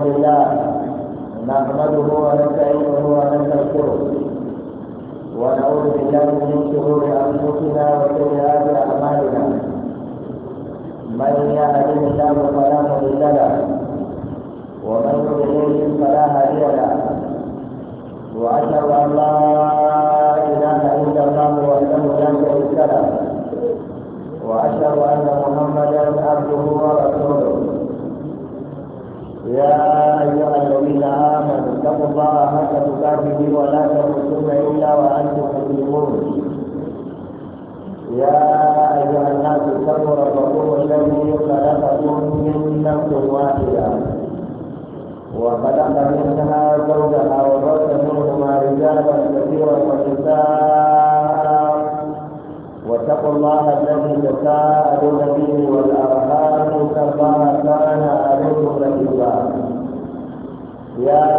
الحمد لله نحمده ونستعينه ونستغفره ونعوذ بالله من شرور انفسنا وسيئات اعمالنا من يهده الله فلا مضل له ومن يضلل فلا هادي له واشهد ان لا يا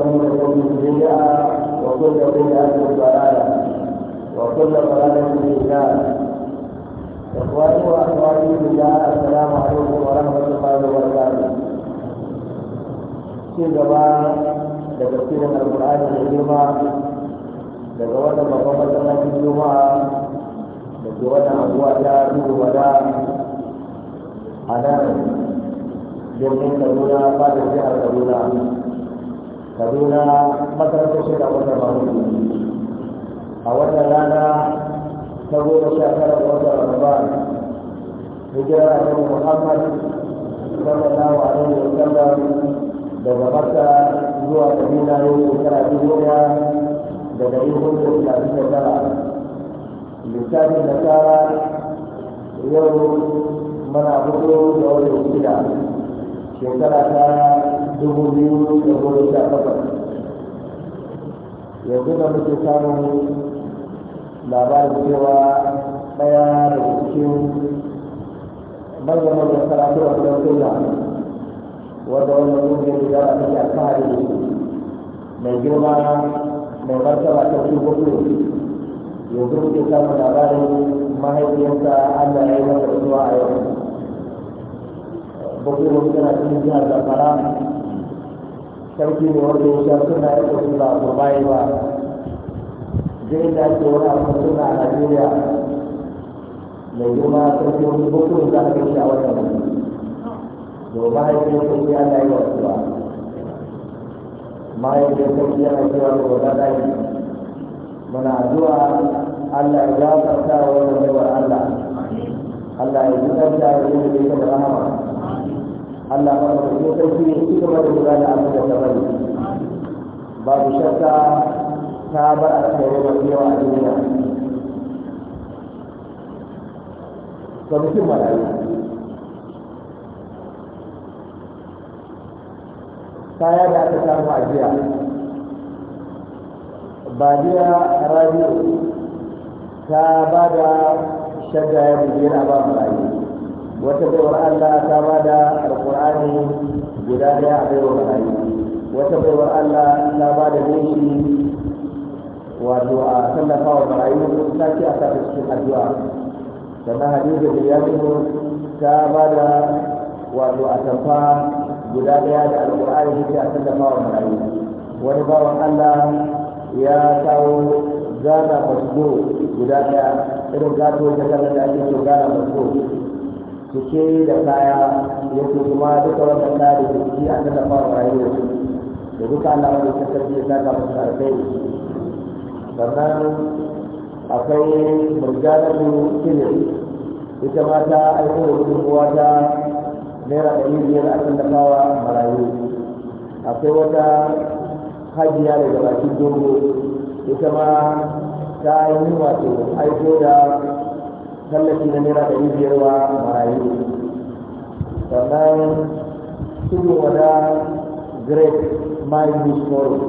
وكل بدعة وكل بدعة ضلالة وكل ضلالة في النار إخواني وأخواتي بالله السلام عليكم ورحمة الله وبركاته في جماعة تفسير القرآن الكريم daga wannan babban masallacin juma'a da ke wannan abuwa ta duhu wada a nan birnin kaduna fadar jihar kaduna kaduna makarantar shi da wata mahimmi a wata rana ta goma sha tara da wata ramadan hijira a yau muhammad sallallahu alaihi wa sallam daga makka zuwa kaduna yau shekara dubu ɗaya da dari hudu da talatin da tara lissafin nasara yau mana hudu da wata shida shekara ta dubu biyu da goma sha takwas yanzu da muke samun labarin cewa ɗaya da cikin bayyana da karatu a gidan soja wanda wannan ƙungiyar da za a fi alfahari mai girma mai martaba ta su hudu yanzu muke samun labarin mahaifiyarsa allah ya yi masa zuwa a yau bukuku suna cikin jihar zamfara sarki ne wanda ya sha suna ya kasu ba ko bayi ba zai da ke wani abu suna a najeriya mai girma sarki wani bukuru za a kai a wannan wuri to mahaifin sarki na yi wasu ba mahaifin sarki yana cewa da yi muna zuwa allah ya gafarta wa wani allah allah ya ji ɗan da ya yi da rahama Allah ba da kuma sarki ne su gaba da guda da abin da gaba ne babu shakka ta ba a tsaye masu yawa a duniya kwamitin marayu kaya da aka samu a jiya badiya radio ta ba da shagaya biyar a ba marayu wata baiwar Allah ta ba da alƙur'ani guda ɗaya a baiwar ra'ayi wata baiwar Allah ta ba da leshi wato a tallafa wa marayu ta ce a sa cikin addu'a sannan hadiza bilyaminu ta ba da wato a tafa guda ɗaya da alƙur'ani ta tallafa wa marayu wani bawan Allah ya kawo gana fasgo guda ɗaya irin gato ta kanar da ake so gana fasgo suke da kaya ya ce kuma duka wannan kaya da jiki an da fara rayuwa su da duka Allah wanda ta tafi ya saka musu alkai sannan akwai murjanatu kile ita ma ta aiko da gudunmuwa ta naira ɗari biyar a kan dafawa marayu akwai wata hajiya daga bakin dogo ita ma ta yi wato aiko da tallafi na nera da biyar wa marayu sannan tudu wada great mind news forum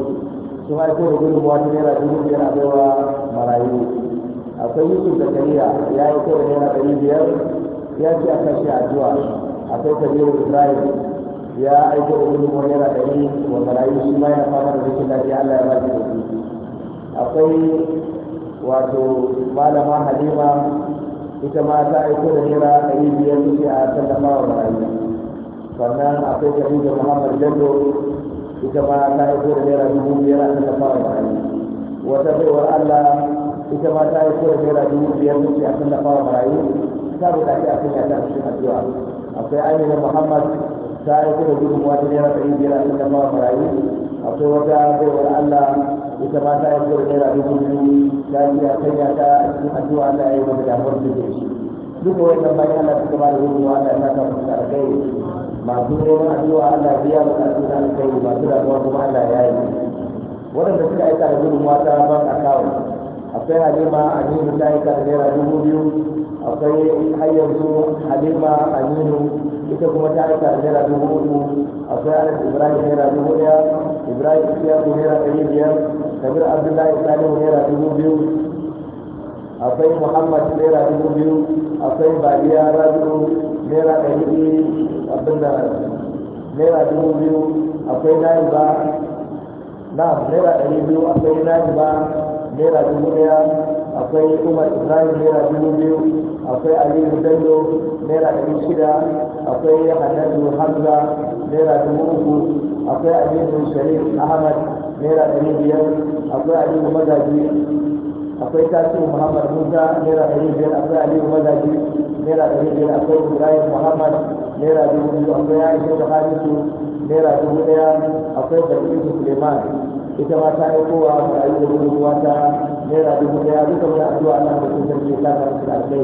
sun haifo da gudunmuwa ta nera da biyar a baiwa marayu akwai yusuf da kariya ya yi kowa nera da biyar ya ce a kashe addu'a akwai kabiru ibrahim ya aiko da nera da ɗari wa marayu shi ma yana fama da rikin lafiya allah ya ba shi akwai wato malama halima ita ma ta aiko da naira ɗari biyar suke a tallafa wa marayu sannan akwai khadija muhammad jando ita ma ta aiko da naira dubu biyar a tallafa wa marayu wata baiwar allah ita ma ta aiko da naira dubu biyar suke a tallafa wa marayu ta buƙaci a kan yata cikin addu'a akwai amina muhammad ta aiko da gudunmuwa ta naira ɗari biyar a tallafa wa marayu akwai wata baiwar allah ita ma ta yi kawai naira dubu biyu ta biya sanya ta a addu'a Allah ya yi mata damuwar da ke shi duk wannan bayan Allah suka ba da gudunmawa Allah ya saka musu alkai masu neman addu'a Allah biya ta alkai alkai masu damuwa kuma Allah ya yi waɗanda suka aika da gudunmawa ta ba ka kawai akwai halima aminu ta yi naira dubu biyu akwai har yanzu halima aminu ita kuma ta aika naira dubu uku akwai Alex ibrahim naira dubu daya ibrahim isiyaku naira ɗari biyar kabir abdullahi salihu naira dubu biyu akwai muhammad naira dubu biyu akwai baliya rabi'u naira ɗari biyu abin da naira dubu biyu akwai na'iba na naira ɗari biyu akwai na'iba naira dubu daya akwai umar ibrahim naira dubu biyu akwai aliyu bello naira dubu shida akwai hannadu hamza naira dubu uku akwai aliyu sharif ahmad naira dubu biyar akwai aliyu magaji akwai tasi muhammad musa naira dubu biyar akwai aliyu magaji naira dubu biyar akwai ibrahim muhammad naira dubu biyu akwai aisha da hamisu naira dubu daya akwai bakin suleiman ita ma ta yi kowa ta yi da ruwa ta naira dubu daya duka wani addu'a Allah da sun sarki ta fara su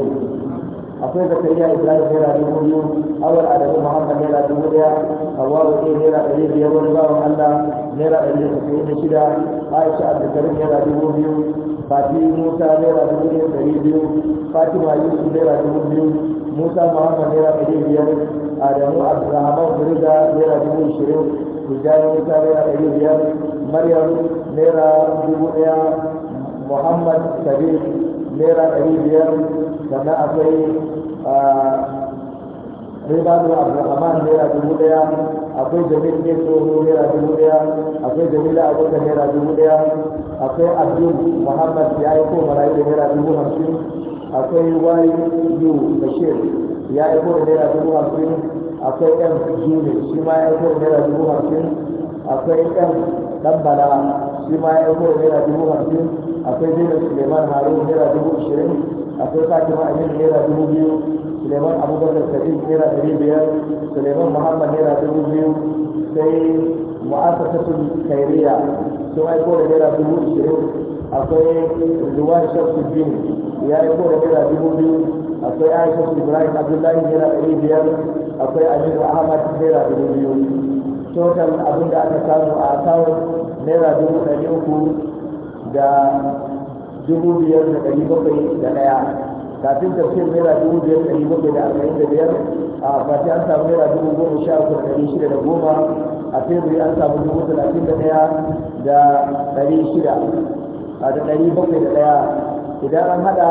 da alkhairi akwai zakariya ibrahim naira dubu biyu awal adamu muhammad naira dubu daya awaru ke naira ɗari biyar wani bawan Allah naira ɗari da saba'in da shida aisha abdulkarim naira dubu biyu fati musa naira dubu da dari biyu fatima yusuf naira dubu biyu musa muhammad naira dari biyar adamu abdulrahman birga naira dubu ishirin hujjani musa naira ɗari biyar maryam naira dubu ɗaya muhammad sabi naira ɗari biyar sannan akwai ribadu abdulrahman naira dubu ɗaya akwai jamil ne tsoho naira dubu ɗaya akwai jamila abokan naira dubu ɗaya akwai abdul muhammad ya yi ko marayu da naira dubu hamsin akwai wari yu bashir ya yi ko naira dubu hamsin akwai yan juni shi ma ya yi ko naira dubu hamsin akwai yan dan bala shi ma ya ɗauko naira dubu hamsin akwai zaina suleiman harun naira dubu ashirin akwai fatima amin naira dubu biyu suleiman abubakar sadiq naira ɗari biyar suleiman muhammad naira dubu biyu sai mu'asasatul khairiyya sun aiko da naira dubu ashirin akwai ruwan shamsuddin ya aiko da naira dubu biyu akwai aisha ibrahim abdullahi naira ɗari biyar akwai aminu ahmad naira dubu biyu total abin da aka samu a kawo naira dubu ɗari uku da dubu biyar da ɗari bakwai da ɗaya kafin tafiyar naira dubu biyar ɗari bakwai da arba'in da biyar a kafin an samu naira dubu goma sha uku da ɗari shida da goma a teburi an samu dubu talatin da ɗaya da ɗari shida da ɗari bakwai da ɗaya idan an haɗa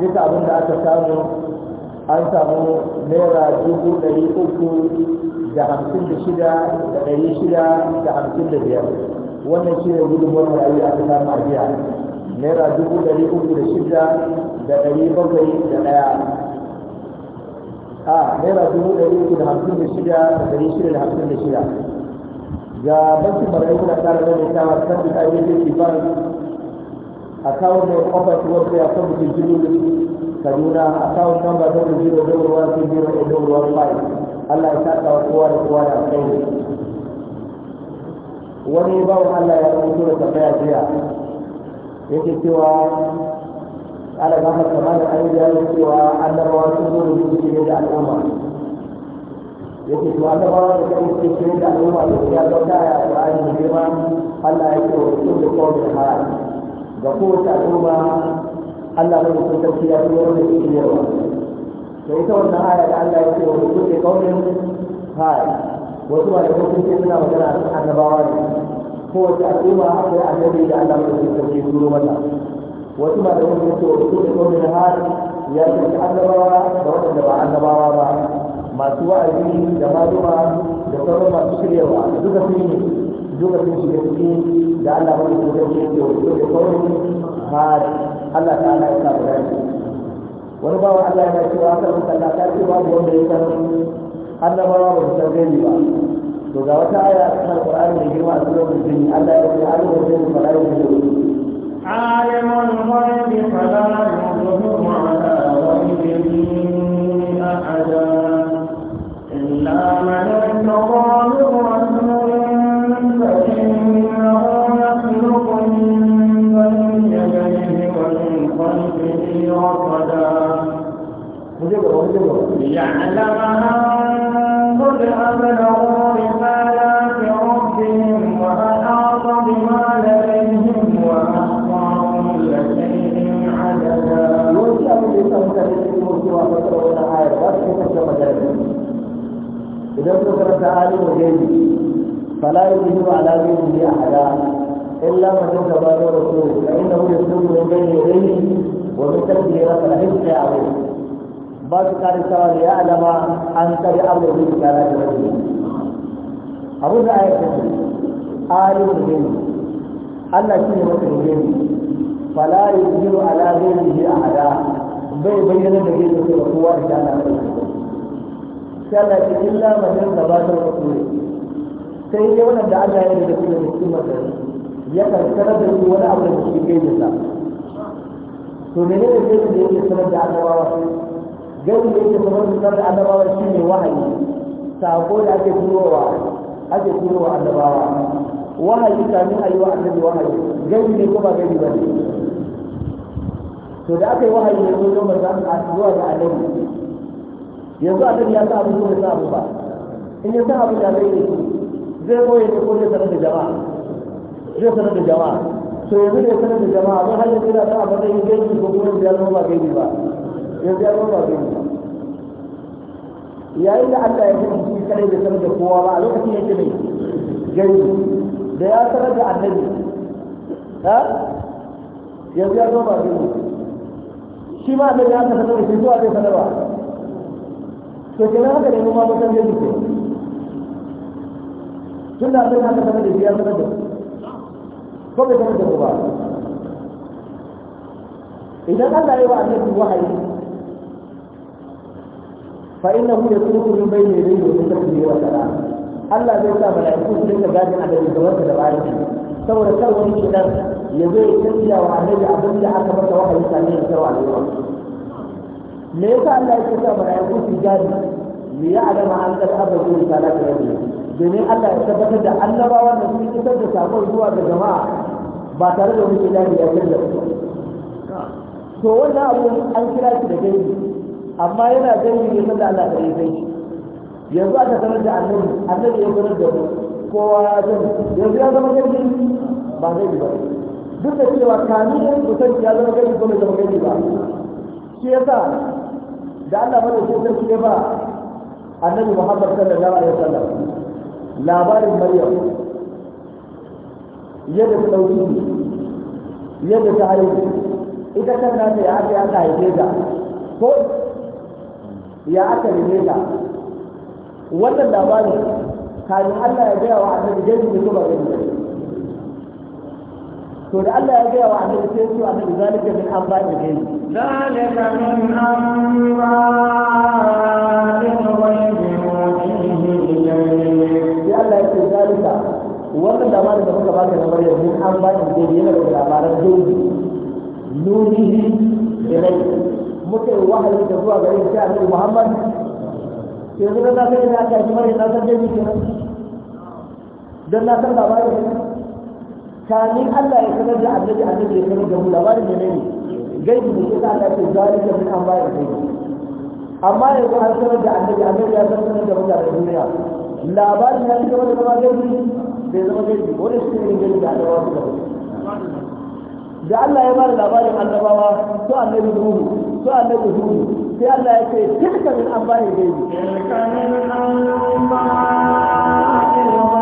duka abin da aka samu an samu naira dubu ɗari uku da hamsin da shida da ɗari shida da hamsin da biyar wannan shi ne gudunmuwar marayu aka samu a naira dubu ɗari uku da shida da ɗari bakwai da ɗaya a naira dubu ɗari uku da hamsin da shida da ɗari shida da hamsin da shida ga bankin marayu na ƙara ta kan da ƙarfi da ke ban a kawo mai ofis wanda ya san mutum jiru kaduna a kawo namba zama zero zero one zero eight zero Allah ya saka wa kowa da kowa da kai wani bawan Allah ya mutu da tambaya jiya yake cewa ala gama kamar an yi yaro cewa annabawa sun zo da zuciya da al'umma yake to annabawa da kai suke shirye da al'umma da ya zauta ya Qur'ani da girma Allah ya ce wa su da kowa da hal ga kowace al'umma Allah ne ya kusanci ya da yawan da shirye da ita wannan aya da Allah ya ce wa kulli kaunin, hay wasu ba da kuma suna magana akan annabawa ne ko wata al'umma akwai annabi da Allah ya ce ke turo mata wasu ba da kuma ce wa da kaunin hay ya ce annabawa da wanda ba annabawa ba masu wa'azi da maluma da sauran masu shiryawa duka sun yi duka sun shiga ciki da Allah ya ce ko turo mata Allah ta ala ya sa mu dace wani bawa Allah yana cewa ta ce babu wanda ya san ba san gani ba to ga wata aya a cikin Qur'ani girma a cikin Allah ya ce alimul ghaibi fala yuzhiru alimul ghaibi fala yuzhiru ala ghaibihi ahada illa man ليعلمها قد أبلغوا رسالات ربهم وأحاط بما لديهم وأحصى كل شيء عددا. إذا ذكر تعالى وجيد فلا يجب على غيره أحدا إلا من يتبادر رسوله فإنه يسلم من بين يديه ومن تدبيرات الحزب عليه ba su kare sawa da ya alama an kare abu da gara da wani abu da ayat ne alim bin Allah shi ne maka bin fala yujiru ala ghayrihi ahada bai bayyana da gaisa ga kowa da Allah sai Allah ya illa man da ba ta rasuli sai dai wannan da Allah ya yarda da kuma masa ya karkara da wani abu da shi gaisa to menene ne da yake sanar da annabawa gani da yake kamar misal da annabawa shi ne wahayi sako da ake turowa ake turowa annabawa wahayi kamin a yi wa annabi wahayi gani ne ko ba gani ba ne to da aka yi wahayi ne ko don manzan a zuwa ga annabi yanzu annabi ya sa abu ko sa abu ba in ya sa abu da zai ne zai koya ne ko zai sanar da jama'a zai sanar da jama'a to yanzu da ya sanar da jama'a zai hanyar da sa a matsayin gaibi ko kuma ya zama ba gaibi ba yanzu ya zama ba yayin da Allah ya fi shi kare da sanar da kowa ba a lokacin yake mai da ya sanar da annabi ha yanzu ya zama ba shi ma annabi ya sanar da shi zuwa zai sanar ba to kenan haka ne kuma mutan gaibi ke tun da annabi haka sanar da shi ya sanar da ko bai sanar da ba idan Allah ya yi wa annabi wahayi fa innahu yasluku min bayni yadayhi wa min khalfihi wa salam Allah zai sa mala'iku su dinga gadi a daga gabansa da bayan shi saboda kar wani kidan ya zo ya tafiya wa annabi abin da aka masa wahayi sami ya tsaro al'umma me yasa Allah ya sa mala'iku su gadi li alama an ko qad abadu risalata rabbih domin Allah ya tabbatar da annabawa da sun isar da sakon zuwa ga jama'a ba tare da wani kidan ya canza to wannan abu an kira shi da gaibi amma yana gani ne mata Allah da yi kai yanzu aka sanar da annabi annabi ya sanar da mu kowa ya gani yanzu ya zama gani ba zai ba duk da cewa kami ne kusan ya zama gani ko bai zama gani ba shi yasa da Allah bane sai sarki ya ba annabi Muhammad sallallahu alaihi wasallam labarin Maryam yadda ta dauki yadda ta haihu ita kan nan ne aka yi aka haife ta ko ya aka neme ta wannan labarin kafin Allah ya gaya wa annabi dai ne kuma gani to da Allah ya gaya wa annabi sai su annabi zalika min an ke gani zalika min an gani Allah ya ce zalika wannan labarin da muka baka na Maryam min an gani yana da labaran dole nuni muke yi wahayi da zuwa gare shi annabi muhammad yanzu na kai da aka yi mare na san dai miki nan dan na san labarin kani Allah ya sanar da annabi annabi ya sanar da mu labarin ne ne gaibi ne sai Allah ya zalika min an bayar da amma yanzu an sanar da annabi annabi ya sanar da da duniya labarin ya ci gaba da zama gaibi bai zama gaibi wani shi ne gaibi da Allah ya sanar da Allah ya bada labarin annabawa su annabi Nuhu su annabi Hud sai Allah ya ce tilka min anba'il ghaibi tilka min anba'il sai Allah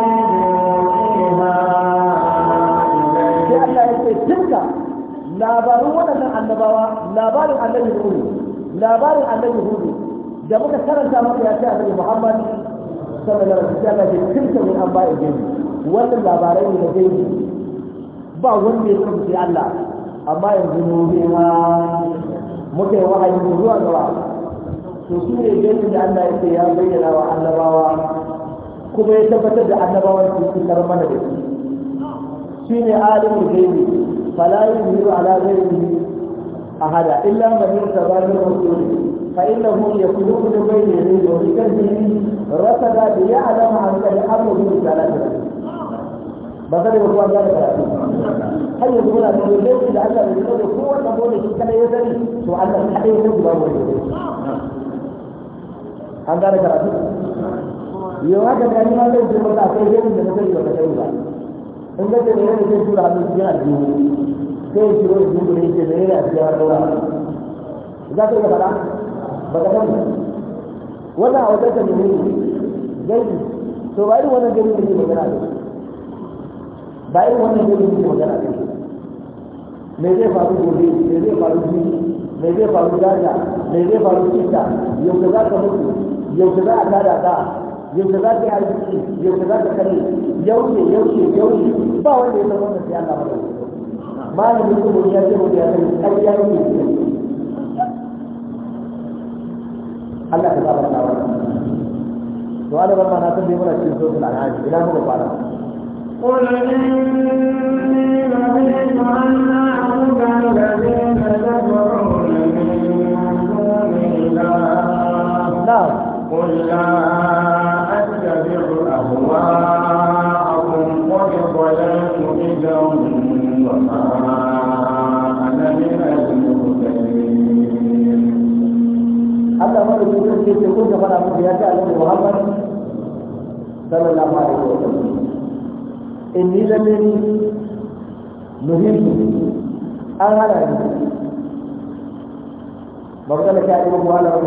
ya ce tilka labarin waɗannan annabawa labarin annabi Nuhu labarin annabi Hud da muka karanta maka ya ce annabi Muhammad sallallahu alaihi wasallam tilka min da ghaibi wannan labarai ne da gaibi ba wanda ya san Allah amma yanzu mu ne ma muke yi zuwa gaba to su ne ganin da Allah ce ya bayyana wa annabawa kuma ya tabbatar da annabawan su su mana da shi shine ne falayin da yiwu ala ghaibihi ahada illa man yurtaba ne rasul فإنه da بين يديه a رصد ليعلم أن الأمر da ثلاثة ba zai ba kuwa ya da karatu har yanzu muna da lokaci da Allah bai kawo ko wanda ko da shi kada ya sani to Allah kada ya sani ba wani an gane karatu yau haka da ni zai ce maka akwai hirin da sani ba ka ba in ga ce ne ne zai tura hannu cikin aljihu sai ya shiro ya ne ke ne ne a cikin haɗura za ka iya fara ba ka sani wannan a wajen ka ne ne gaibi to ba wannan gaibi ne ke magana da ba yi wannan zai yi magana da me zai faru gobe me zai faru ji me zai faru gaza me zai faru yau yaushe za ka mutu yaushe za a kada ka yaushe za ka yi yau yaushe za ka kare yaushe yaushe yaushe ba wanda ya san wannan sai Allah mara malamin kuma ya ce mu ya san ƙarya ne Allah ka zaba ta wannan Wani Allah ba na san bai mura cikin sosai al'aji ina muka fara قل إني نهيت أن أعبد الذين تدعون من دون الله قل لا أتبع أهواءكم قد ضللت وما أنا من المهتدين. هذا هو يقول لك أنا محمد صلى الله عليه وسلم inni lalle ni muhimmi an hana ni ba ku zama kyaɗe ba ku hana ba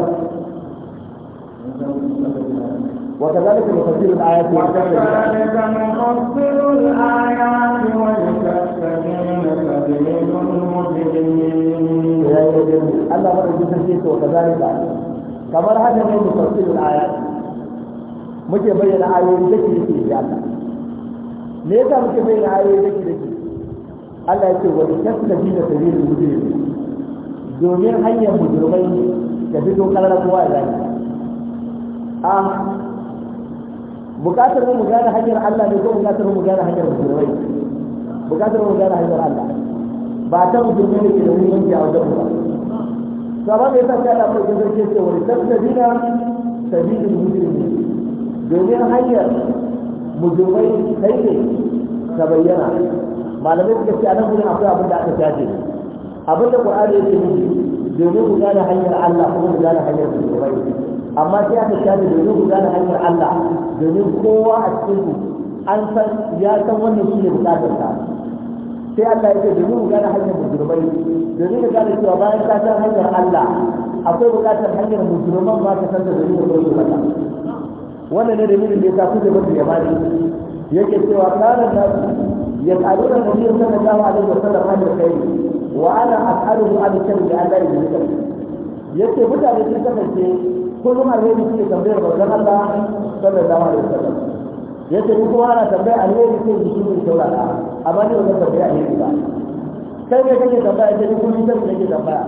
وكذلك نفصل الآيات وكذلك نفصل الآيات ولتستبين سبيل المجرمين الله مرة جدا وكذلك كما هذا من نفصل الآيات muke bayyana ayoyi da ke yake ya me yasa muke bai na ayoyi dake dake Allah yake wa bi da da mujrim domin hanyar mujrimai da fito kalar kowa ya gani a bukatar mu gane hanyar Allah ne ko bukatar mu gane hanyar mujrimai bukatar mu gane hanyar Allah ba ta mujrimai ne ke da muhimmanci a wajen ba sabon da ya sa ta da farko zai ce wa bi da da mujrim domin hanyar mujumai kai ne ka bayyana malamai suka ce a nan gudun akwai abin da aka caje abin da ƙwararri ce nufi domin ku gane hanyar Allah kuma ku gane hanyar mujumai amma sai aka caje domin ku gane hanyar Allah domin kowa a cikin ku an san ya san wannan shi ne bukatar sa sai Allah ya ce domin ku gane hanyar mujumai domin ku gane cewa bayan ka san hanyar Allah akwai bukatar hanyar mujumai ma ka san da domin ku gane wannan ne dalilin da ya sa kuke mafi ne. yake cewa karan da ya tsaro da nabi sallallahu alaihi wasallam an kai wa ana as'aluhu an kan da Allah ya yi yake mutane sun kasance ne alheri suke tambayar manzon Allah sallallahu alaihi wasallam yake ni kuma ana tambaya alheri sai jiki mai saurara amma ni wannan tambaya alheri ba kai ne kake tambaya sai ni kuma ni ne nake tambaya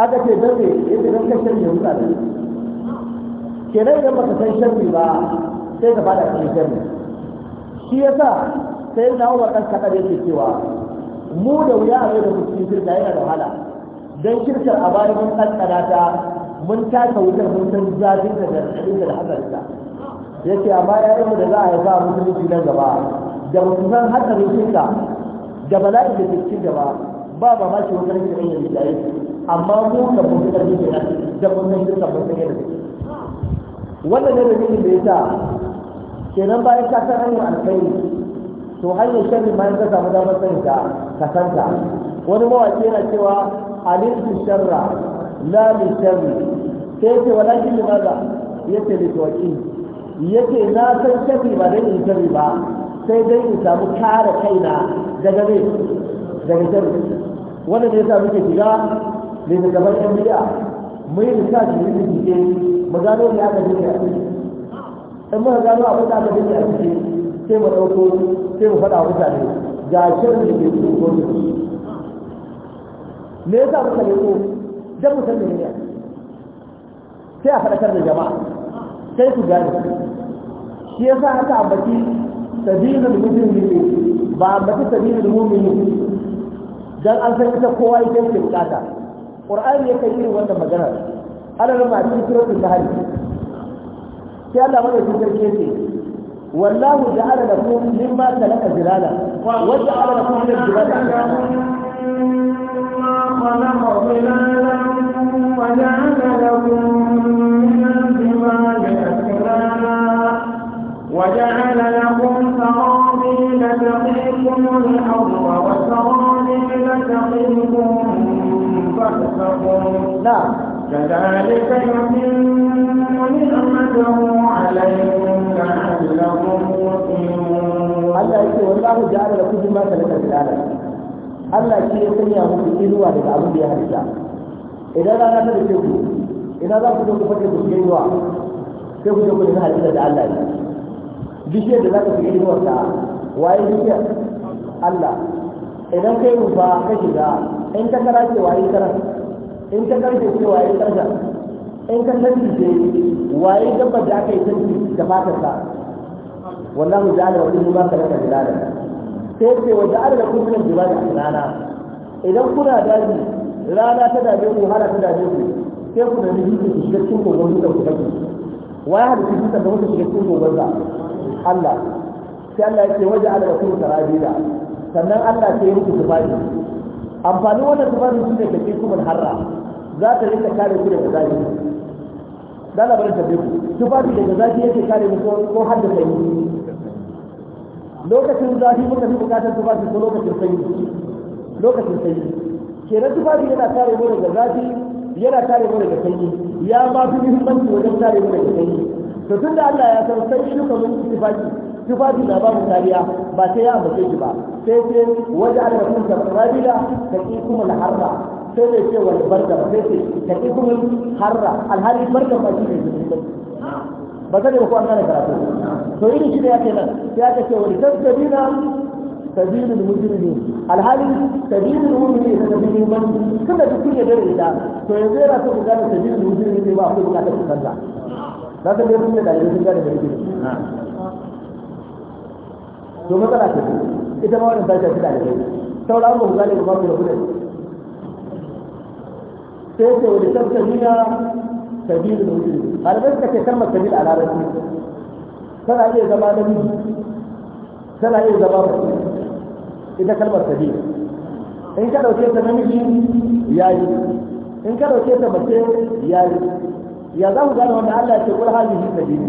aka ce dan ne dan kashe ne mutane kenan idan baka san sharri ba sai ka fada cikin sharri shi yasa sai na wa kan kada yake cewa mu da wuya a da mutum shirka yana da wahala dan shirkar a bayan mun kankana ta mun taka wutar mun san zafin da zarafin da hadarta yake amma yayin da za a yi ba musulunci nan gaba da mutum san hadarin shirka da bala'i da ke cikin gaba ba ba ma shi wutar shirka yana da amma mu da mun san shirka da mun san shirka mun san yadda wannan ne dalilin da yasa kenan bayan ka san hanyar alkhairi to hanyar sharri bayan ka samu damar sanin ta ka san ta wani mawaki yana cewa alintu sharra la li sharri sai yace walakin limaza yace li tawaki ce na san sharri ba dan in sharri ba sai dai in samu kare kaina daga ne daga sharri wannan ne yasa muke shiga littattafan yan bid'a mu yi research mu yi bincike mu gano me aka dinga a ciki in muka gano abin da aka dinga a ciki sai mu dauko sai mu faɗa mutane ga shirin da ke cikin gwamnati me yasa muka ko? dan mu san menene sai a faɗakar da jama'a sai ku gane shi yasa aka ambaci sabilul mujrimin ba ambaci sabilul mu'minin dan an san ita kowa yake bukata qur'ani ya kai wannan magana ana rama a cikin suratul nahl sai Allah madaukakin في yake والله جعل لكم مما سلك جلالا وجعل لكم من الجبال مما خلق ظلالا وجعل لكم من الجبال أكلالا وجعل لكم تقيكم تقيكم كذلك يتم نعمته عليكم لعلكم تؤمنون الله جعل لكم ما Allah shi ya sanya muku inuwa daga abin da ya halitta idan rana ta dace ku idan za ku je ku fake ku shiga sai ku je ku nemi halitta da Allah ne bishiyar da za ka shiga inuwar ta waye bishiyar Allah idan kai rufa ka shiga in ta kara ce waye karar in ka karfe ce waye karfe in ka sanci ce waye dabba da aka yi sanci da fatarsa wallahu ja'ala wa kullu ma khalaqa biladan sai ce wa ja'ala lakum min al da rana idan kuna daji rana ta dame ku hala ta dame ku sai ku da nemi ku shiga cikin gogon da ku kake waye hada ku da ku shiga cikin gogon da Allah sai Allah ya ce waje ala wa kullu sarabila sannan Allah sai ya muku tufafi amfanin wannan tufafi sun da take kuma harra za ta rika kare ku daga zafi da labarin tabbe ku tufafi daga zafi yake kare ku ko har da sanyi lokacin zafi muka fi bukatar tufafi ko lokacin sanyi lokacin sanyi kenan tufafi yana kare mu daga zafi yana kare mu daga sanyi ya ma fi muhimmanci wajen kare mu daga sanyi to tunda Allah ya san sanyi duka mun tufafi tufafi na ba taliya kariya ba sai ya ambace shi ba sai ce waje an da kunta rabila ta ki kuma harra sai ne ce wani barda sai ce ta ki kuma harra alhali barda ba shi ne ba sai ba ko an gane karatu to irin shi da yake nan sai aka ce wal tasbina سبيل المجرمين ya سبيل da to من كنا تكون غير إذا فإذا لا تكون سبيل المجرمين da أقول لك تكون كذا لا تكون غير إذا gane da إذا to matsala ta ce ita ma wannan ta da ne sauran ba ku gane ba ku da kudin sai ce wani sabta nuna sabilul wujud ɗalibai suka ce kalmar sabil a larabci tana iya zama ni tana iya zama mace ita kalmar sabil in ka dauke ta namiji ya yi in ka dauke ta mace ya yi ya za ku gane wanda Allah ya ce kul hajihi sabili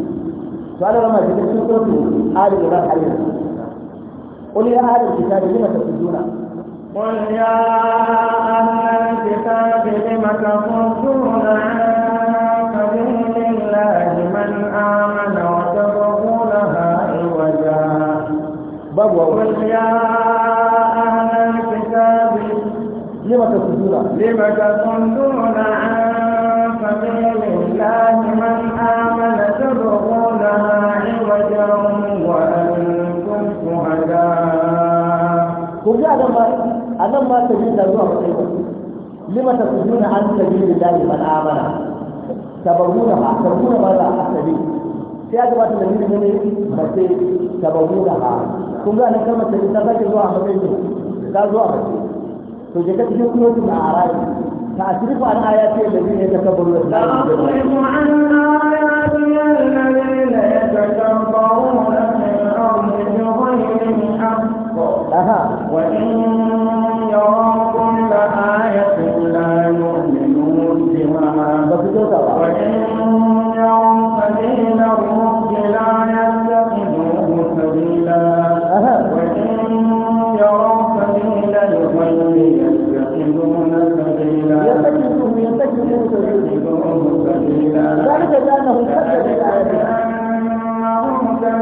قال لما جئت سورة آل عمران عليه قل يا أهل الكتاب لم تصدون قل يا أهل الكتاب لم تصدون عن سبيل الله من آمن وتبغونها عوجا قل يا أهل الكتاب لم تصدون لم تصدون عن سبيل الله من وأنتم شهداء كل هذا ما أنا ما تجد الله لما تكونون عن ba الله من آمن تبغونها تبغون ماذا السبيل sai ya gabata da nuna ne ta bauru da ha kun ga nan kalmar ta sake zuwa matsayin ne ta zuwa mace to je ka cikin kulotin a ta asirifu an ayati alladhina yatakabbaruna fi al يتكبرون في الأرض بغير الحق وإن يروا كل آية لا يؤمنون بها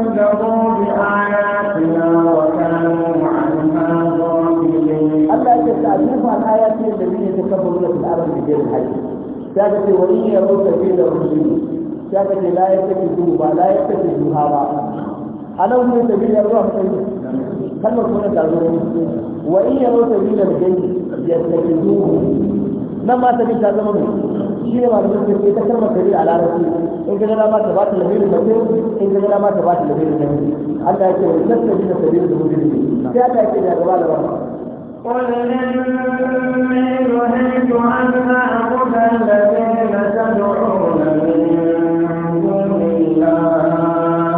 Allah ya ce a jufa ya ce da zai ta kafa nuna da jirin haji. Ya ga ce da rushi ne. Ya ya rau ta zama mai. a larabci. in ka gana ma ta ba ta labirin mutum in ka gana ma ta ba ta labirin mutum Allah ya ce wa nan ta jina sabirin da mutum sai Allah ya ce da gaba da ba قل إني نهيت أن أعبد الذين تدعون من دون الله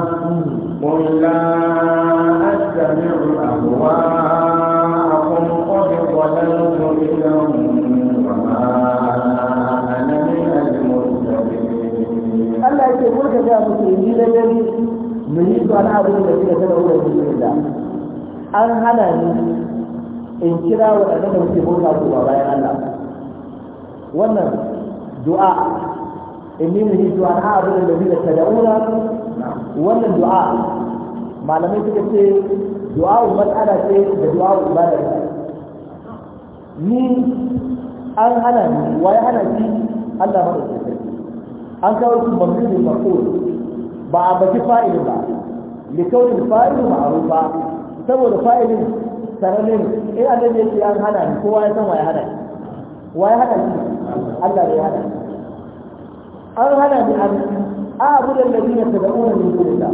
قل لا yuridu an abu da shi da kada wurin da shi da an hana ni in kira wa da muke bauta ko bayan Allah wannan du'a inni yuridu an abu da shi da kada wannan du'a malamai suka ce du'a mas'ala ce da du'a ibada ni an hana ni wai hana shi Allah ma da shi an kawo su mamlin maqul ba a baki fa’il ba likaunin fa'ilin ma'arufa saboda fa'ilin sararin in annabi yake an hana ni kowa ya san waye hana ni waye hana ni Allah ne ya hana ni an hana ni an abu da nabi na daga uwan min da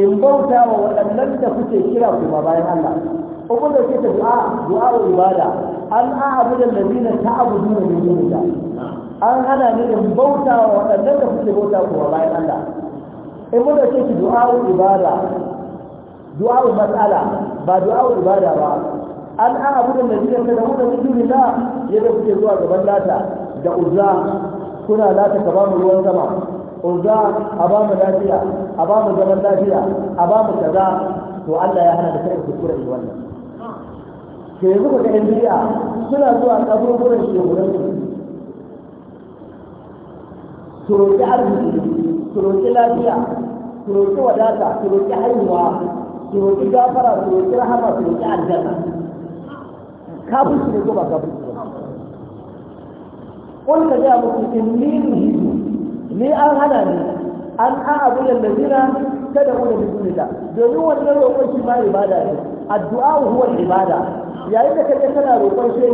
in bauta wa waɗannan da kuke kira kuma bayan Allah ubu da ke ta du'a du'a ibada an abu da nabi ne ta abu da min kullu an hana ni in bauta wa waɗannan da kuke bauta kuma bayan Allah in eh, muna ce ki du'a'ul ibada du'a'ul mas'ala ba du'a'ul ibada ba an a abu da nabi da da mutum duni ya yadda kuke zuwa gaban lata da uzza kuna lata ka ba mu ruwan sama uzza a ba mu lafiya a ba mu zaman lafiya a ba mu kaza to Allah ya hana da kai kuskure da wannan ke yanzu ka ga yan suna zuwa kaburburan shehunan su to roƙi arziki ki roƙi lafiya ki roƙi wadata ki roƙi haihuwa ki roƙi gafara ki roƙi rahama ki roƙi aljanna kafirci ne ko ba kafirci su kun ka ya musu inni nuhidu ni an hana ni an a abu da lazina ta da wani bisunita domin wannan roƙon shi ma ibada ne addu'a huwa ibada yayin da kake kana roƙon shi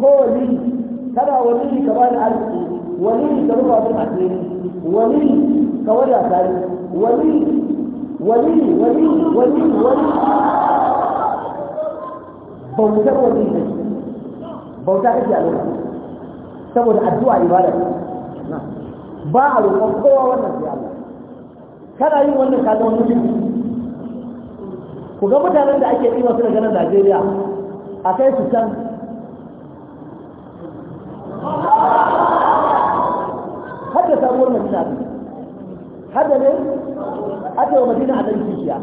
ko wani kana wani ka bani arziki wani ka rufa abin asiri wani ka wada tare wani wani wani wani wani bautar wani ne bauta kake a lokacin saboda addu'a ibada ba a roƙon kowa wannan sai Allah kana yin wannan ka zama mutum ku ga mutanen da ake ɗiba su daga nan Najeriya a kai su can ake da sabuwar madina abin har da ne ake wa madina a ɗan kishiya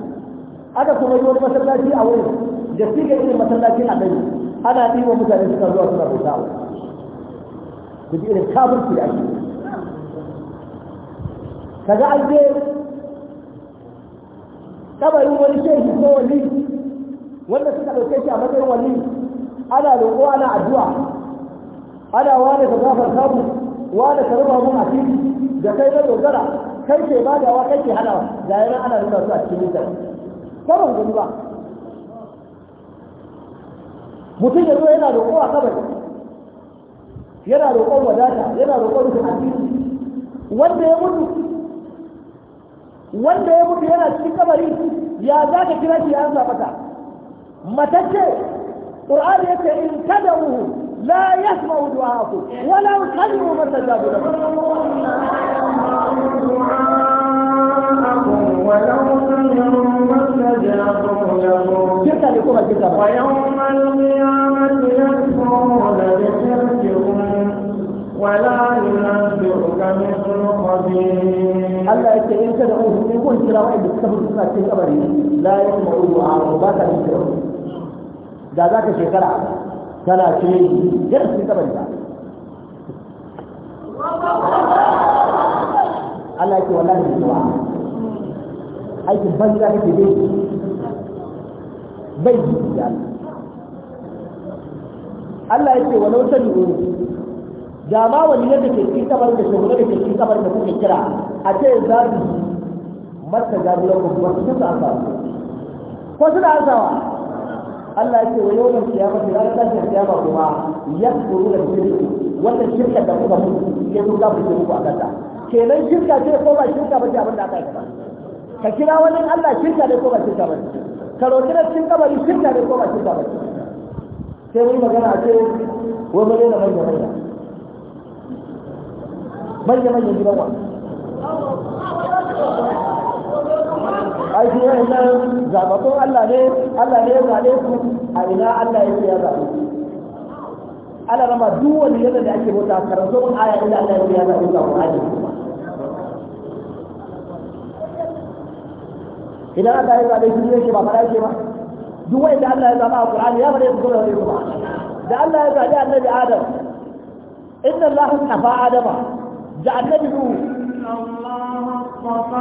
aka kuma yi wani masallaci a wurin da su ga irin masallacin a ɗan ana wa mutane suka zuwa suna bauta wa ku ji irin kafirci da ake kaga an je kabarin wani shehi ko wali wanda suka ɗauke shi a matsayin wali ana roƙo ana addu'a ana wani ka zafar kamu wa da karba mun a cikin da kai na dogara kai ke badawa kai ke hada da yana ana nuna su a cikin mutane karon gani ba mutum ya zo yana roƙo a kabari yana roƙon wadata yana roƙon a asiri wanda ya mutu wanda ya mutu yana cikin kabari ya za ka kira shi ya an zaɓata matacce ƙur'ani ya ce in kada muhu لا يسمع دعاءكم ولا سمعوا ما استجابوا لكم ويوم القيامة يكفرون بشرككم ولا ينبئك مثل خبير الله يستعين تدعوهم يقول كلا واحد يكتبوا السنة في قبري لا يسمعوا دعاءهم باتا من شركهم ذا ذاك شكرا tana ce ya su gaban ta Allah ke wallahi da zuwa aikin banza kake ke bai bai yi ya Allah ya ce walau sani da ma wani yadda ke cikin kabar da shugaba da ke cikin kabar da kuke kira a ce za su mata jagoran kuma su ta asawa ko suna asawa Allah ya ce wa yau da, kiyama ce ranar tashin kiyama kuma ya kuru da shirka wannan shirka da kuka mutu ya zo za ku ce a kanta kenan shirka ce ko ba shirka ba ce abin da aka yi ba ka kira wani Allah shirka ne ko ba shirka ba ce ka roƙi na cikin kabari shirka ne ko ba shirka ba ce sai mun magana a ce wai mun yana manya manya manya manya gidan wa ai shi wannan zabatun Allah ne Allah ne ya zabe su a ina Allah ya ce ya zabe su Allah rama duk wani yadda da ake bauta karanto mun aya inda Allah ya ce ya zabe su a Qur'ani idan Allah ya zabe shi ne ke ba fara ke ba duk wanda Allah ya zaba a Qur'ani ya fara yin da wani ba da Allah ya zabe annabi Adam inna Allah tafa Adama da annabi Nuhu ونوح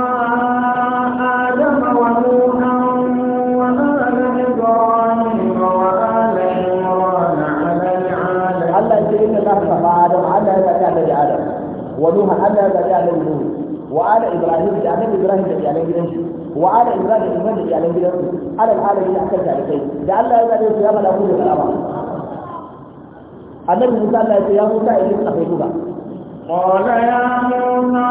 على مكان نوح وآل إبراهيم ده النبي إبراهيم ده يعني جنش وآل إبراهيم إبراهيم ده يعني جنش على العالم اللي أحسن عليه ده الله إذا ليس يا ملأ أقول الأمر النبي موسى الله يا موسى إليك أخيكما قال يا موسى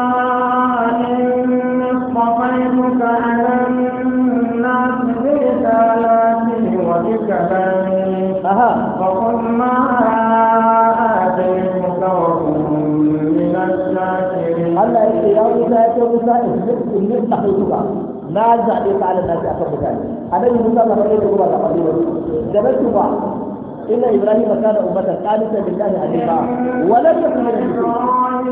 إني اصطفيتك على الناس برسالاتي وبكلامي فخذ ما آتيتك وكن من الشاكرين الله يا موسى يا موسى إني اصطفيتك na zaɓe ka ala nasi akan mutane annabi musa na faɗe da kuma da faɗe da bakin ba inna ibrahim kana ummatan qanita lillahi hanifa wa lam yakun min al Allah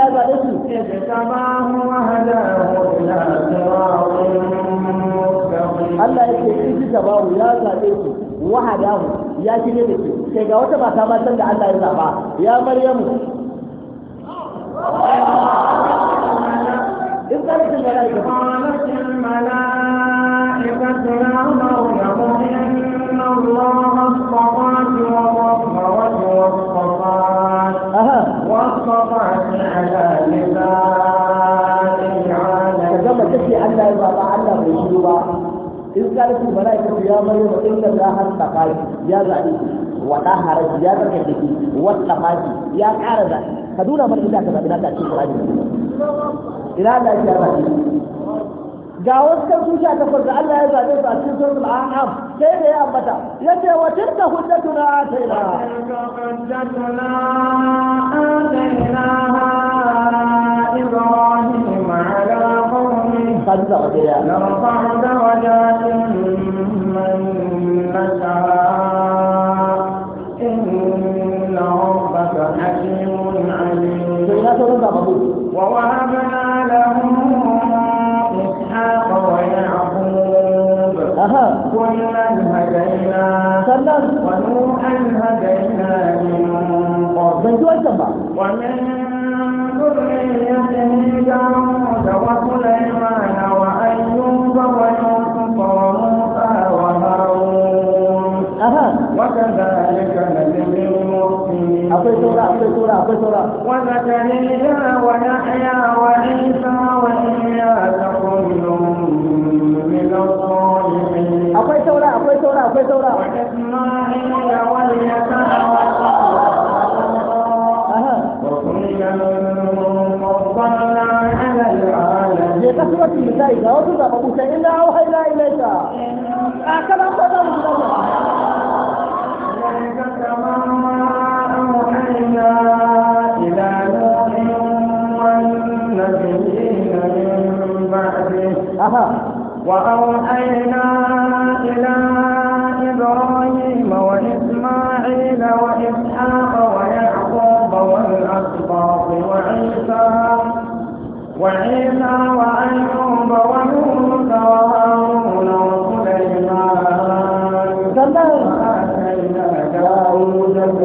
ya zaɓe su. Allah ya ce iji gabahu ya zaɓe su wahada mu ya shirya da ke sai ga wata mata matan da Allah ya zaba, ya maryamu. Allah ya zaɓa. قالت الملائكة يا مريم إن الله اصطفاك وطهرك واصطفاك واصطفاك على نساء العالمين. تكفي أن لا يضع أن الرسول إذ قالت الملائكة يا مريم إن الله اصطفاك يا زعيم وطهرك يا زكيك واصطفاك يا كارزة فدون من إذا كذا بنا تأتي القرآن ina Allah ya zaɓe ga wasu kan tuta takwas da Allah ya zaɓe su a cikin suratul an'am sai da ya ambata yace wa tilka hujjatuna ataina hujjatuna ataina ibrahim ala qaumihi qad zawajaya la fa'ada wajatin man nasha ووهبنا وذكر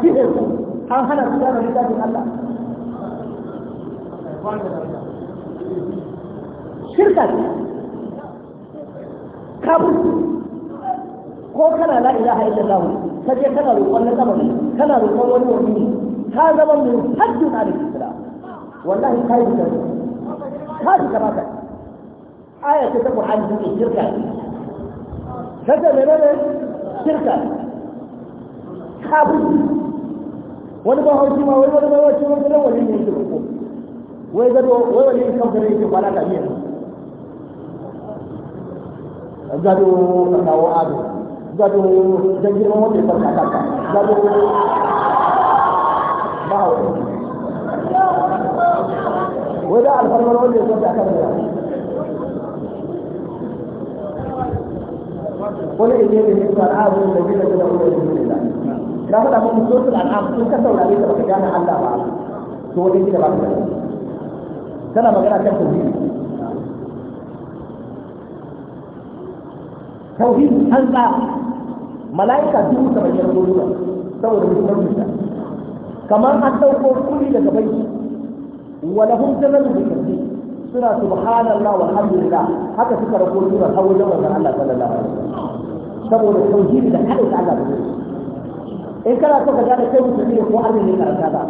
kiɗe an hana su gane littafin Allah shirka ce kafirci ko kana la ilaha illallah ka je kana roƙon na kabari kana roƙon wani wani ka zama mu na haddin alaihi wallahi kai da ka ji kamata aya ce ta Qur'ani ce shirka kace menene shirka kafirci wani ba haushi ma wai wani ba wai wani wani ne yake ko wai gado wai wani ne kan gare yake kwana ka iya gado na kawo ado gado dan girman wanda ya ka kanka gado ba haushi wai da alfarmar wanda ya ne kanka قل إني من الذين تدعون من دون الله na faɗa muku sosul al'am sun ka saurare ta baka gane Allah ba to ba tana magana kan tauhidi tauhidi an tsa mala'ika dubu saba'in ya zo zuwa saboda musulmanci ta kamar an ɗauko kuri daga banki wala hun sanar da kirki suna subhanallah walhamdulillah haka suka rako zuwa a wajen wannan Allah sallallahu alaihi wasallam saboda tauhidi da kada ta Allah da in kana so ka gane kai musulmi ne ko Allah ne karanta ba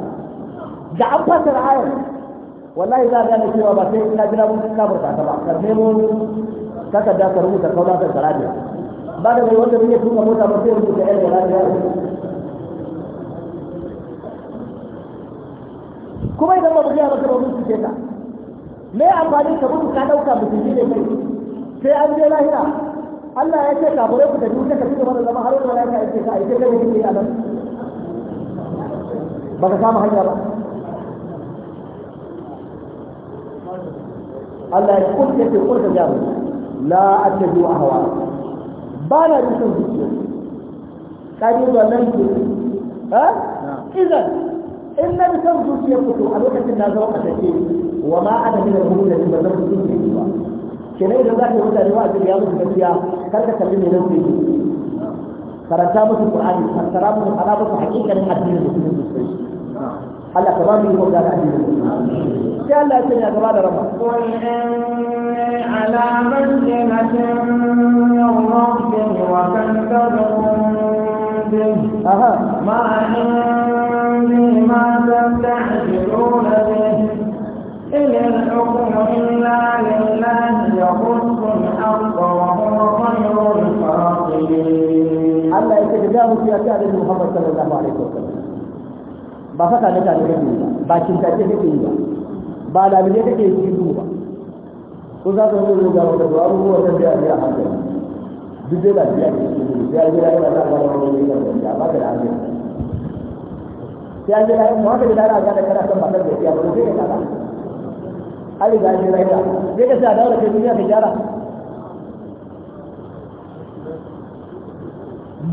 da an fasara ayar wallahi za ka gane cewa ba sai ina jira mun kafir ta ba ka nemo kaka da ka rubuta kauna ka karabe ba da wanda ne tuka mota ba sai rubuta yar da rabiya kuma idan ba bugiya ba ka rubuta ta. me amfani ka rubuta ka dauka musulmi ne kai sai an je lahira Allah ya ce kafure ku da wuta tafi gaba da zama har wani lafiya ake ka aike kai kike a nan ba ka samu hanya ba Allah ya kurta ce kurta jaru la attabi'u ahwa ba na rusun zuciya kadi da nan ke ha idan in na rusun zuciya ku to a lokacin da zama a tace wa ma ana da al-hulul da ban zama zuciya ba kenan idan za ka yi mutane wa ajiyar yawon gaskiya kar ka kalli mai nan karanta musu qur'ani fassara musu fara musu hakikanin addinin musulunci Allah ka ba mu iko ga addinin musulunci sai Allah ya ce ya gaba da rama qul inni ala bayyinatin min rabbi wa kadzabukum bihi aha ma indi ma tastahdiruna bihi إن الحكم إلا لله ina mutu ya ce annabi Muhammad sallallahu alaihi wasallam ba faka da tare kake ba ba kintace kake yi ba ba ne kake yi su ba ko za ka zo ga wanda ba ko wanda biya biya hankali duk dai lafiya ne ya ji rayuwa ta ba wani ne da ba da hankali ya ji rayuwa haka da dara ga da kana son bakar da ya ba sai ka ali ga ji rayuwa sai ka sa daura kai duniya ka gyara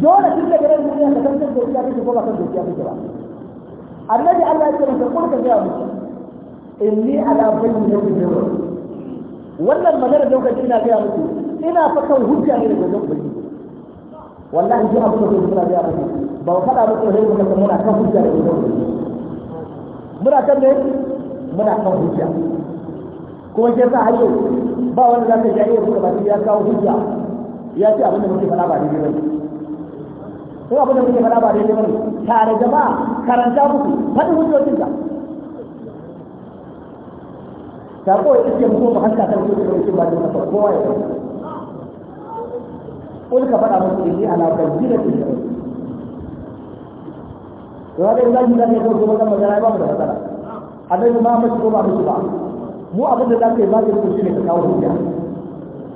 dole tun daga nan duniya ka san kan dokiya kake ko ba kan dokiya kake ba annabi Allah ya ce masa kuma ka ga musu inni ala yau min rabbi wannan da lokaci ina ga musu ina fakan hujja ne daga wajen ubangiji wallahi ji abin da kuma ga musu ba ku faɗa muku sai kuma san muna kan hujja da wajen ubangiji muna kan ne muna kan hujja Ko ke sa hayo ba wanda za ka ji ayyuka ba ya kawo hujja ya ce abin da muke faɗa ba ne ba ko abin da kuke faɗa ba daidai bane tare jama'a karanta muku faɗi hujjojin ka Ta ya iske mutum mu haska ta hujjojin da ba da masa kowa ya faɗa ko ka faɗa musu ne ala bayyana ta da wani da zai zai ko kuma kan magana ba mu da matsala annabi ma mace ko ba mace ba mu abin da za yi ba ka yi ne ka kawo hujja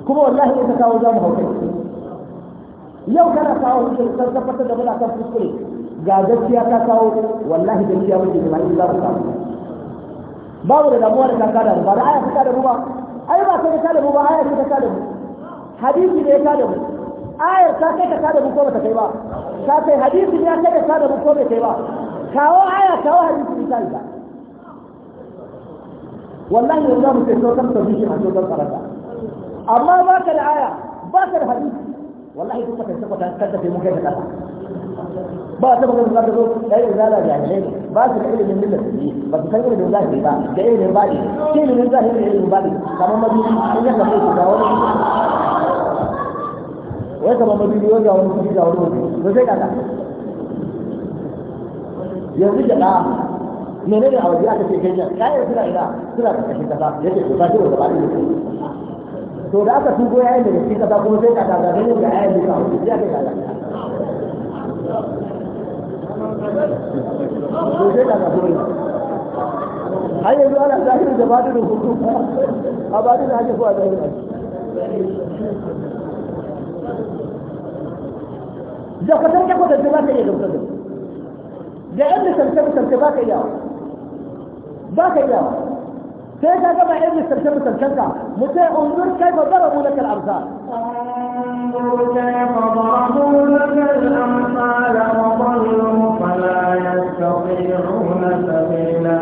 kuma wallahi in ka kawo za mu hauka yau kana kawo hujjar ka tabbatar da muna kan kuskure ga gaskiya ka kawo wallahi gaskiya muke da mai za mu samu babu da damuwa da kaka da ba da aya ta kada mu ba ai ba sai ka da mu ba aya ta kada mu hadisi ne ya kada mu aya ta kai ka kada mu ko ba ta kai ba ka kai hadisi ne ya kai ka da mu ko bai kai ba kawo aya kawo hadisi ne kai ba wallahi yanzu mu sai sautar shi a sautar karata amma ba ka da aya ba ka da hadisi wallahi duk kwatance kwatance ta tafi mun kai da kasa ba ta magana ta ta da irin ba su da ilimin millar su ba su san ilimin zahiri ba da ilimin baɗi shi ilimin zahiri da ilimin baɗi kamar mabi in ya kafa su ga wani wai kamar mabi ne wani ga wani kuɗi ga wani sai kaga yanzu da ɗa menene a waje aka ce kenya kayan suna ina suna ta kasa yake to ta ce wanda ba to da aka tugo yayin da cikin kasa kuma sai ka ga ta da الجاهل هذا har yanzu ana zahirin da bada da hudu a bada da hajji kuwa zahirin da kwatar da kwatar da ba ka iya gamsar da yan da sarfe sarfe ba ka iyawa ba ka iyawa sai ka gama yan da sarfe sarfe ka mutai unzur kai ba zara mu lakal amsal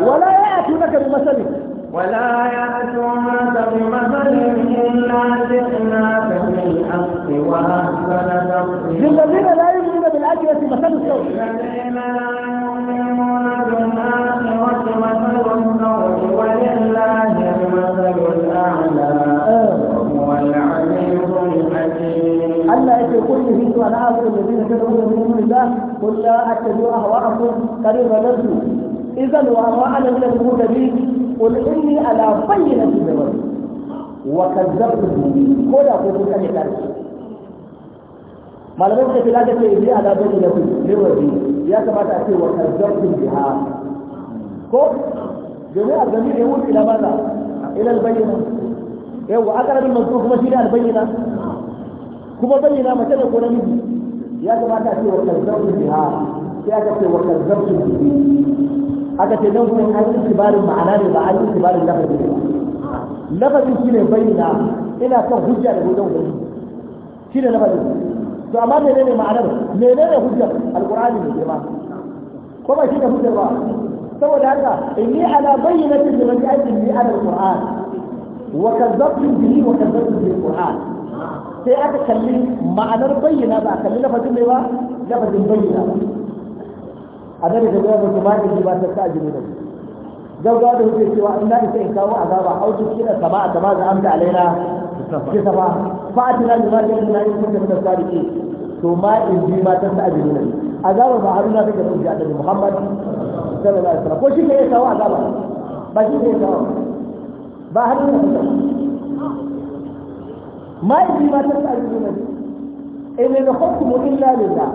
ولا يأتونك بمثل ولا يأتونك بمثل إلا جئناك بالحق وأحسن تفصيلا للذين لا يؤمنون بالآخرة مثل السوء فيك وانا اخر الذين كفروا من دون الله قل لا اتبع اهواءكم قد رددتم اذا وهو على المنهود بي قل اني على بينه من ربي وكذبتم قل اقول لك لكارك ما لم يكن لك شيء بي على بينه من ربي يا كما تاتي وكذبت بها قل جميع الجميع يقول الى ماذا؟ الى البينه ايوه اقرب المنصوص ما في البينه kuma bayyana mace da ko namiji ya kamata a ce wa kazzabtu biha sai aka ce wa kazzabtu bihi aka ce nan gurin an yi kibarin ma'ana ne ba an yi kibarin lafazi ne lafazin shi ne bayyana ina kan hujja da gudan gudu shi ne lafazin to amma menene ma'anar menene hujjar alqur'ani ne girma ko ba shi ne hujjar ba saboda haka inni ala bayyinatin min ajli ala alqur'an wa kazzabtu bihi wa kazzabtu bil qur'an sai aka kalli ma'anar bayyana ba a kalli lafazin ne ba lafazin bayyana a nan da gaba da ba da ba ta sa jini da gaba da hujjar cewa ina isa in kawo azaba auki kira sama a sama za amsa alaina ki sama fa a zama da ba da na yi kuma da rike to ma in ji ma ta sa jini da azaba ba nuna da kujiya da muhammad sallallahu alaihi wasallam ko shi ke kawo azaba ba shi ke kawo ba har yi mahaifi ma ta sa yi ne in ne na hukumu illa lillah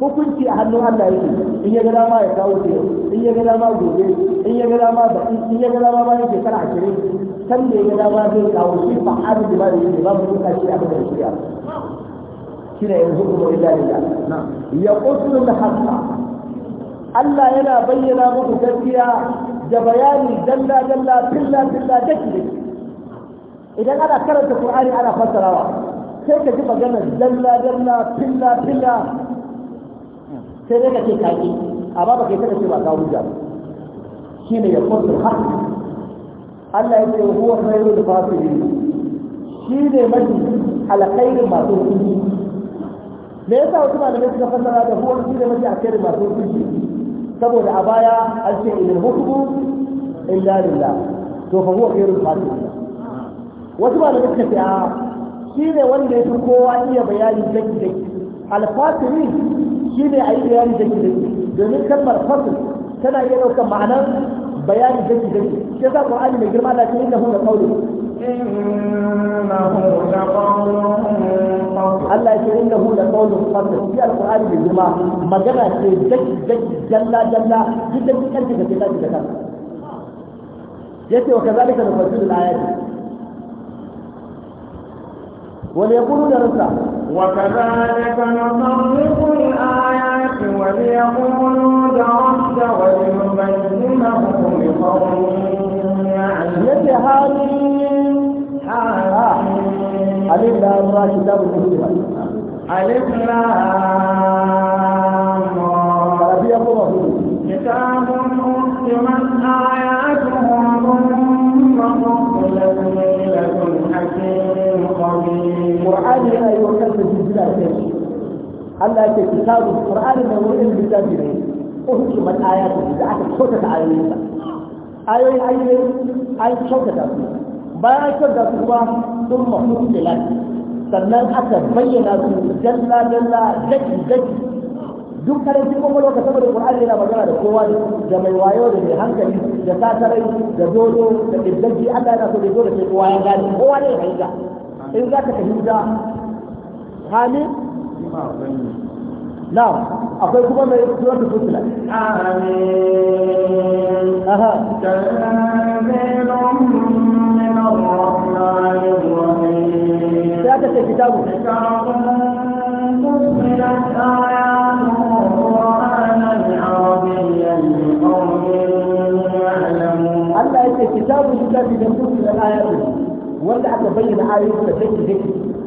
hukunci a hannun Allah yake in ya ga dama ya kawo ta in ya ga dama gobe in ya ga dama da in ya ga dama ba yake kara ashirin kan da ya ga dama zai kawo shi fa abu da ba da yake ba mu duka shi a da shi shi ne yanzu kuma illa lillah ya qutul haqqa Allah yana bayyana muku gaskiya da bayani dalla dalla filla filla dake dake idan ana karanta qur'ani ana fassarawa sai ka ji magana dalla dalla filla filla sai dai ka ce kaki amma ba kai kada ce ba ka Shi shine ya fassara haq Allah ya ce huwa khairul fasirin shi ne mafi alkhairin masu hukunci me yasa wasu malamai suka fassara da huwa shi ne mafi alkhairin masu hukunci saboda a baya an ce ilal hukmu illa lillah to fa huwa khairul fasirin wasu ba da suka ce a shi ne wanda ya fi kowa iya bayani daki daki alfasiri shi ne a yi bayani daki daki domin kalmar fasir tana iya ɗaukar ma'anar bayani daki daki shi yasa qur'ani mai girma da cikin nahu da kauli Allah ya ce innahu la qawlun fasir shi alqur'ani mai girma magana ce daki daki dalla dalla duk da kanta da kanta da kanta yace wa kazalika nufassilul ayati وليقولوا درسا وكذلك نصرف الآيات وليقولوا درست ولنبينه لقوم يعلمون ألف لام را كتاب الهدى ألف لام ربيع كتاب أحكمت آيات qur'ani yana yi wa kansa jinjina kai Allah ya ce kitabun qur'ani mai wurin littafi ne uhukimat ayatu da aka kyautata ayoyinsa ayoyin ayoyin an kyautata su bayan an kyautata su kuma sun mahukumilat sannan aka bayyana su dalla dalla daki daki duk karancin kwakwalwa ka saboda qur'ani yana magana da kowa da mai wayo da mai hankali da satarai da dodo da ɗibdaggi Allah yana so da zo da ke kowa ya gani kowa ne ya fahimta in za ka tafi da hamid na akwai kuma mai suwar da fusila aha ya ka tafi kitabu Allah ya ce kitabu shi ta fi da fusila ayatul wanda aka bayyana ayoyin da take take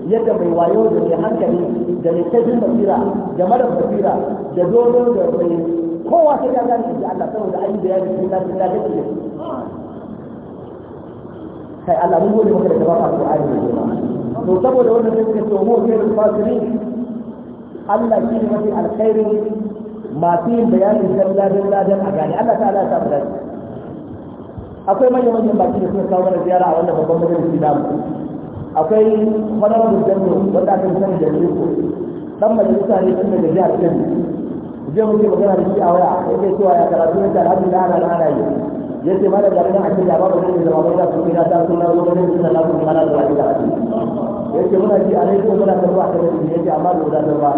yadda mai wayo da mai hankali da mai tajin basira da mara basira da dodo da mai kowa sai ya gane shi Allah saboda ayi da yayi cikin lafiya da take kai Allah mun gode maka da ka baka Qur'ani da jama'a to saboda wannan sai ka to mu kai fasiri Allah shi ne mafi alkhairin masu yin bayanin sallah da ladan a gane Allah ta'ala ya samu dace akwai manyan manyan baki da suka kawo mana ziyara a wannan babban majalisi namu akwai wani honorable jami'o wanda aka yi sani da ko dan majalisa ne tun daga jihar kan je mu muke magana da shi a waya ya yake cewa ya karatu ya tara da ana da ana yi ya ce ma da garin a cikin ba ba zai zama ba da kuma ta sun na gobe ne da na kuma na da wani ya ce muna ji a nan ko muna karba a kan ce amma da wadatar ba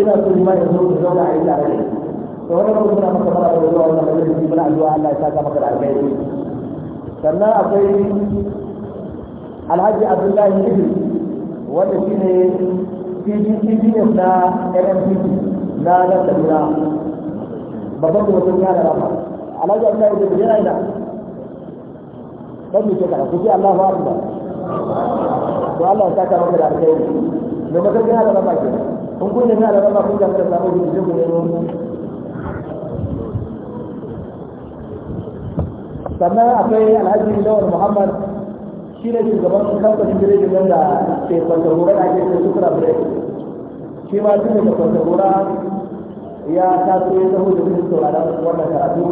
ina so ni ma zo ku zauna a yi tare da to wannan kuma muna maka fara da wannan majalisi muna zuwa Allah ya saka maka da alheri sannan akwai alhaji abdullahi ibi wanda shi ne pdpds na nnpp na nan kaduna babban kwamitin yara rama alhaji abdullahi ibi yana ina ɗan mai shekara ku allah ba ba to allah ya saka maka da alkhairi domin kan yana da rama ke in kun yi yana rama kun ga da samun hujjin ne sannan akwai alhaji lawar muhammad shi ne shugaban kamfanin birnin nan da ke kwantagora da ake kai sutura break shi ma shi ne kwantagora ya taso ya taho da birnin sauraron wannan karatu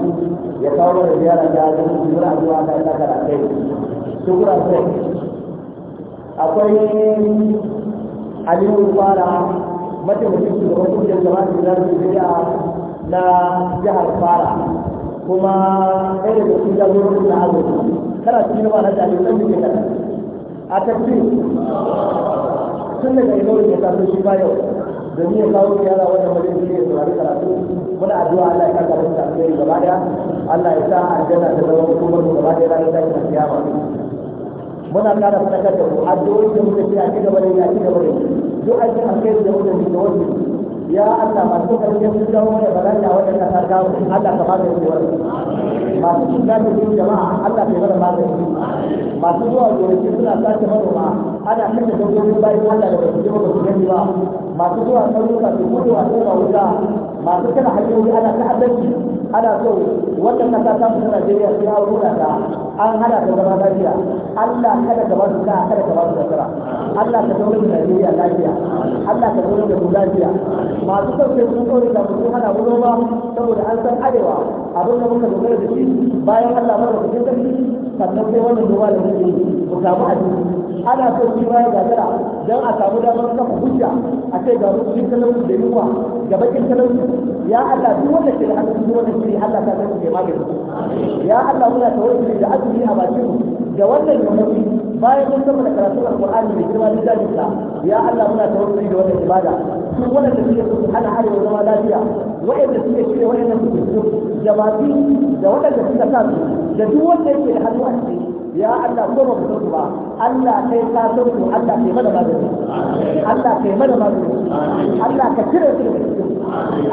ya kawo wani ziyara da ya zama jura zuwa da ina karatai sutura break akwai aliyu fara mataimakin shugaban kungiyar jama'a da na jihar fara kuma ɗaya daga cikin jagorin na hagu kana cikin ba na jami'in sun jike da a tafi da daga ilori ya tafi shi ba yau domin ya kawo yara wannan wajen shi da saurari karatu muna addu'a Allah ya A mun tafiye gaba daya Allah ya sa aljanna da zama hukumar mu gaba daya ranar tashin kiyama muna kara fadakar da mu addu'o'i da muka ce a ci gaba da ya ci gaba da duk aikin alkhairi da muka ji da wasu ya Allah ba su masu karfin sun zama mana bala'i a wajen kasar gawo Allah ka bada ba su cin gafi biyu jama'a Allah ka bada ba su zuwa gonaki suna sace manoma ana kashe dabbobin bayan Allah da wasu su je su gani ba masu zuwa ƙauyuka su gudu a tsoma wuta masu kana hanyoyi ana ta'addanci ana so wata kasa ta mu Najeriya sai an rura ta an hada ta zama lafiya Allah kada ka ba su ka kada ka ba su nasara Allah ka zaune da Najeriya lafiya Allah ka zaune da mu lafiya masu sauke sun tsore da su hana mu ba saboda an san arewa abin da muka dogara da shi bayan Allah mara da sarki sannan sai wannan noma da muke ku samu ana so shi ma ya gagara don a samu damar kafa hujja a kai ga mutum talauci da yunwa ga bakin talauci ya Allah duk wanda ke da asibiti wannan shiri Allah ta san ke magani ya Allah muna tawassuli da azumi a bakin da wannan yammaci bayan mun gama da karatun alqur'ani mai girma da jajinta ya Allah muna tawakkali da wannan ibada su wannan da suke su hana hali wa zama lafiya wa'anda suke shirye wa'anda suke su da masu da waɗanda suka sa su da duk wanda yake da hannu a cikin ya Allah ko ba ku ba Allah kai ka san ku Allah kai mana magani Allah kai mana magani Allah ka cire su daga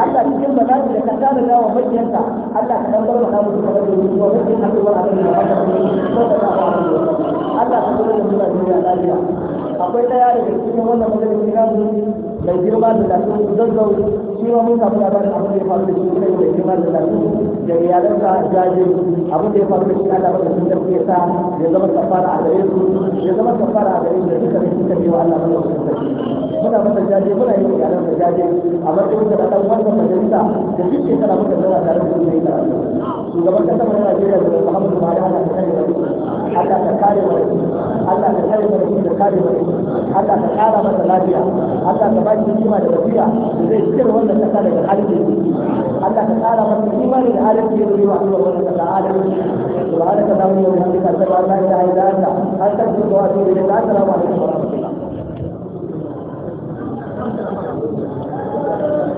Allah cikin bala'i da ka tsara da wa majiyanka Allah ka dan bar mu kamu da wani ruwa wanda ya haɗu wa abin da ba Allah ka kula mu da duniya lafiya akwai daya daga cikin wannan magana da namu mai girma da lafiya zazzau shi ma mun samu labarin abin da ya faru da shi kai mai girma da lafiya da iyalansa jaje abin da ya faru da shi Allah ba da sun da ya sa ya zama safara a gare su ya zama safara a gare su da suka suka yi Allah ba da sun muna masa jaje muna yi iyalansa jaje a matsayin da kan wannan majalisa da duk shekara muka zauna tare da su ne shugaban kasar Najeriya da Muhammadu Buhari ana ta kare wa Allah ta Allah ka kare ka da kare mai Allah ka kara masa lafiya Allah ka baki da wasiya da zai cire wannan kasa daga halin da Allah ka kara masa imani da halin da yake wa Allah wannan kasa alamin subhanaka allahumma wa bihamdika ashhadu an la ilaha illa anta astaghfiruka wa atubu assalamu alaikum wa rahmatullah